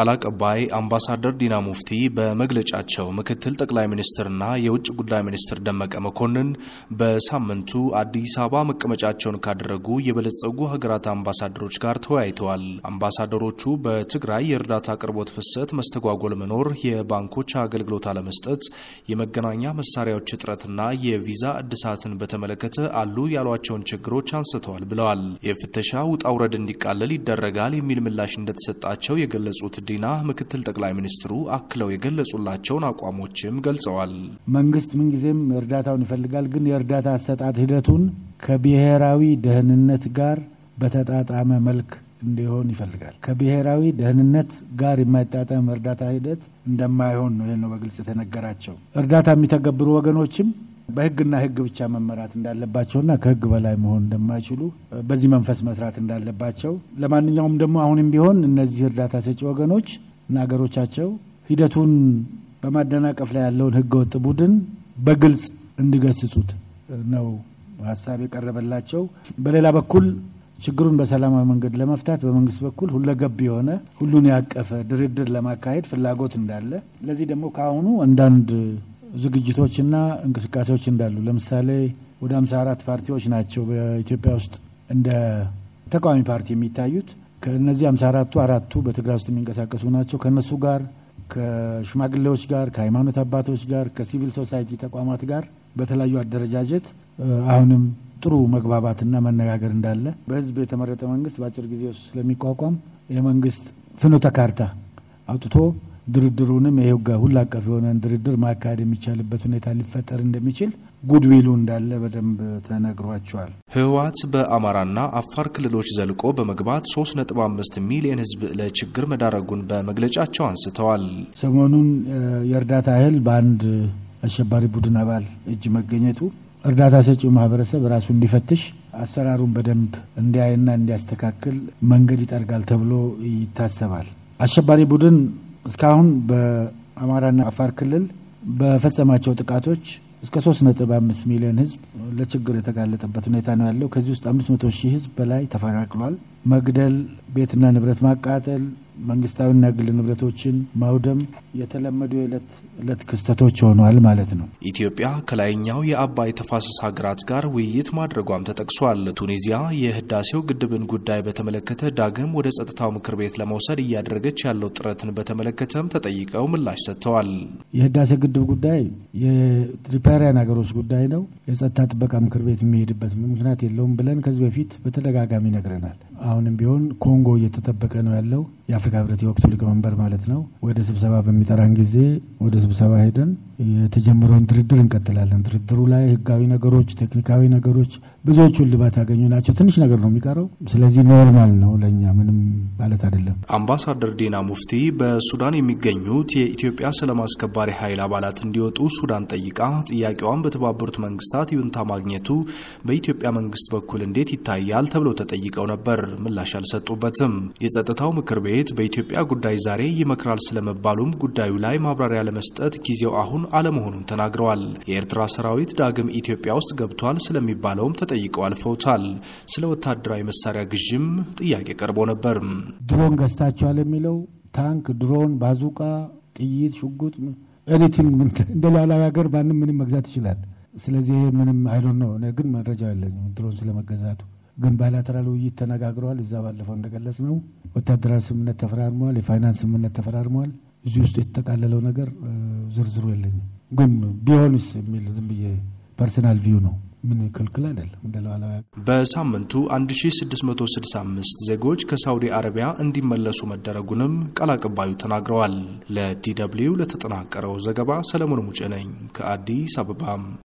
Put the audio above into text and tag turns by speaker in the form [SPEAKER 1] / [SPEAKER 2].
[SPEAKER 1] ቃል አቀባይ አምባሳደር ዲና ሙፍቲ በመግለጫቸው ምክትል ጠቅላይ ሚኒስትርና የውጭ ጉዳይ ሚኒስትር ደመቀ መኮንን በሳምንቱ አዲስ አበባ መቀመጫቸውን ካደረጉ የበለጸጉ ሀገራት አምባሳደሮች ጋር ተወያይተዋል። አምባሳደሮቹ በትግራይ የእርዳታ አቅርቦት ፍሰት መስተጓጎል መኖር፣ የባንኮች አገልግሎት አለመስጠት፣ የመገናኛ መሳሪያዎች እጥረትና የቪዛ እድሳትን በተመለከተ አሉ ያሏቸውን ችግሮች አንስተዋል ብለዋል። የፍተሻ ውጣውረድ እንዲቃለል ይደረጋል የሚል ምላሽ እንደተሰጣቸው የገለጹት ዲና ምክትል ጠቅላይ ሚኒስትሩ አክለው የገለጹላቸውን አቋሞችም ገልጸዋል።
[SPEAKER 2] መንግስት ምንጊዜም እርዳታውን ይፈልጋል፣ ግን የእርዳታ አሰጣጥ ሂደቱን ከብሔራዊ ደህንነት ጋር በተጣጣመ መልክ እንዲሆን ይፈልጋል። ከብሔራዊ ደህንነት ጋር የማይጣጠም እርዳታ ሂደት እንደማይሆን ነው። ይህ በግልጽ የተነገራቸው። እርዳታ የሚተገብሩ ወገኖችም በህግና ህግ ብቻ መመራት እንዳለባቸውና ከህግ በላይ መሆን እንደማይችሉ በዚህ መንፈስ መስራት እንዳለባቸው ለማንኛውም ደግሞ አሁንም ቢሆን እነዚህ እርዳታ ሰጪ ወገኖች እና ሀገሮቻቸው ሂደቱን በማደናቀፍ ላይ ያለውን ህገወጥ ቡድን በግልጽ እንዲገስጹት ነው ሀሳብ የቀረበላቸው። በሌላ በኩል ችግሩን በሰላማዊ መንገድ ለመፍታት በመንግስት በኩል ሁለገብ የሆነ ሁሉን ያቀፈ ድርድር ለማካሄድ ፍላጎት እንዳለ ለዚህ ደግሞ ከአሁኑ አንዳንድ ዝግጅቶችና እንቅስቃሴዎች እንዳሉ ለምሳሌ ወደ 54 ፓርቲዎች ናቸው በኢትዮጵያ ውስጥ እንደ ተቃዋሚ ፓርቲ የሚታዩት። ከነዚህ 54ቱ አራቱ በትግራይ ውስጥ የሚንቀሳቀሱ ናቸው። ከእነሱ ጋር ከሽማግሌዎች ጋር፣ ከሃይማኖት አባቶች ጋር፣ ከሲቪል ሶሳይቲ ተቋማት ጋር በተለያዩ አደረጃጀት አሁንም ጥሩ መግባባትና መነጋገር እንዳለ በህዝብ የተመረጠ መንግስት በአጭር ጊዜ ውስጥ ስለሚቋቋም የመንግስት ፍኖተ ካርታ አውጥቶ ድርድሩንም ይሄው ጋር ሁሉ አቀፍ የሆነን ድርድር ማካሄድ የሚቻልበት ሁኔታ ሊፈጠር እንደሚችል ጉድዊሉ እንዳለ በደንብ ተነግሯቸዋል።
[SPEAKER 1] ህወሓት በአማራና አፋር ክልሎች ዘልቆ በመግባት 3.5 ሚሊዮን ህዝብ ለችግር መዳረጉን በመግለጫቸው አንስተዋል።
[SPEAKER 2] ሰሞኑን የእርዳታ እህል በአንድ አሸባሪ ቡድን አባል እጅ መገኘቱ እርዳታ ሰጪው ማህበረሰብ ራሱ እንዲፈትሽ አሰራሩን በደንብ እንዲያይና እንዲያስተካክል መንገድ ይጠርጋል ተብሎ ይታሰባል። አሸባሪ ቡድን እስካሁን በአማራና አፋር ክልል በፈጸማቸው ጥቃቶች እስከ 3.5 ሚሊዮን ህዝብ ለችግር የተጋለጠበት ሁኔታ ነው ያለው። ከዚህ ውስጥ 500 ሺህ ህዝብ በላይ ተፈናቅሏል። መግደል፣ ቤትና ንብረት ማቃጠል፣ መንግስታዊና ግል ንብረቶችን ማውደም የተለመዱ የዕለት ዕለት ክስተቶች ሆኗል ማለት ነው።
[SPEAKER 1] ኢትዮጵያ ከላይኛው የአባይ ተፋሰስ ሀገራት ጋር ውይይት ማድረጓም ተጠቅሷል። ቱኒዚያ የህዳሴው ግድብን ጉዳይ በተመለከተ ዳግም ወደ ጸጥታው ምክር ቤት ለመውሰድ እያደረገች ያለው ጥረትን በተመለከተም ተጠይቀው ምላሽ ሰጥተዋል።
[SPEAKER 2] የህዳሴ ግድብ ጉዳይ የሪፓሪያን ሀገሮች ጉዳይ ነው። የጸጥታ ጥበቃ ምክር ቤት የሚሄድበት ምክንያት የለውም ብለን ከዚህ በፊት በተደጋጋሚ ነግረናል። አሁንም ቢሆን ኮንጎ እየተጠበቀ ነው ያለው። የአፍሪካ ህብረት የወቅቱ ሊቀመንበር ማለት ነው። ወደ ስብሰባ በሚጠራን ጊዜ ወደ ስብሰባ ሄደን የተጀመረውን ድርድር እንቀጥላለን። ድርድሩ ላይ ህጋዊ ነገሮች፣ ቴክኒካዊ ነገሮች ብዙዎቹን ልባት ያገኙ ናቸው። ትንሽ ነገር ነው የሚቀረው። ስለዚህ ኖርማል ነው ለእኛ ምንም ማለት አይደለም።
[SPEAKER 1] አምባሳደር ዲና ሙፍቲ በሱዳን የሚገኙት የኢትዮጵያ ሰላም አስከባሪ ኃይል አባላት እንዲወጡ ሱዳን ጠይቃ ጥያቄዋን በተባበሩት መንግስታት ይሁንታ ማግኘቱ በኢትዮጵያ መንግስት በኩል እንዴት ይታያል ተብሎ ተጠይቀው ነበር። ነበር፣ ምላሽ አልሰጡበትም። የጸጥታው ምክር ቤት በኢትዮጵያ ጉዳይ ዛሬ ይመክራል ስለመባሉም ጉዳዩ ላይ ማብራሪያ ለመስጠት ጊዜው አሁን አለመሆኑን ተናግረዋል። የኤርትራ ሰራዊት ዳግም ኢትዮጵያ ውስጥ ገብቷል ስለሚባለውም ተጠይቀው አልፈውታል። ስለ ወታደራዊ መሳሪያ ግዥም ጥያቄ ቀርቦ ነበር።
[SPEAKER 2] ድሮን ገዝታችኋል የሚለው ታንክ፣ ድሮን፣ ባዙቃ፣ ጥይት፣ ሽጉጥ ኤኒቲንግ እንደ ላላዊ ሀገር ማንም ምንም መግዛት ይችላል። ስለዚህ ምንም አይዶን ነው። ግን መረጃ የለኝም ድሮን ስለመገዛቱ ግን ባይላተራል ውይይት ተነጋግረዋል። እዛ ባለፈው እንደገለጽ ነው ወታደራዊ ስምምነት ተፈራርመዋል። የፋይናንስ ስምምነት ተፈራርመዋል። እዚህ ውስጥ የተጠቃለለው ነገር ዝርዝሩ የለኝም። ግን ቢሆንስ የሚል ዝም ብዬ ፐርሰናል ቪው ነው። ምን ክልክል
[SPEAKER 1] አይደለም። በሳምንቱ 1665 ዜጎች ከሳውዲ አረቢያ እንዲመለሱ መደረጉንም ቃል አቀባዩ ተናግረዋል። ለዲ ደብልዩ ለተጠናቀረው ዘገባ ሰለሞን ሙጬ ነኝ ከአዲስ አበባ